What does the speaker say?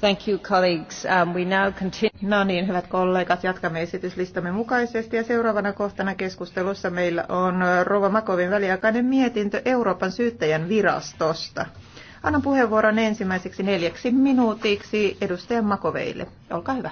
Thank you, colleagues. Um, we now continue. No niin, hyvät kollegat, jatkamme esityslistamme mukaisesti ja seuraavana kohtana keskustelussa meillä on Rova Makovin väliaikainen mietintö Euroopan syyttäjän virastosta. Annan puheenvuoron ensimmäiseksi neljäksi minuutiksi edustajan Makoveille. Olkaa hyvä.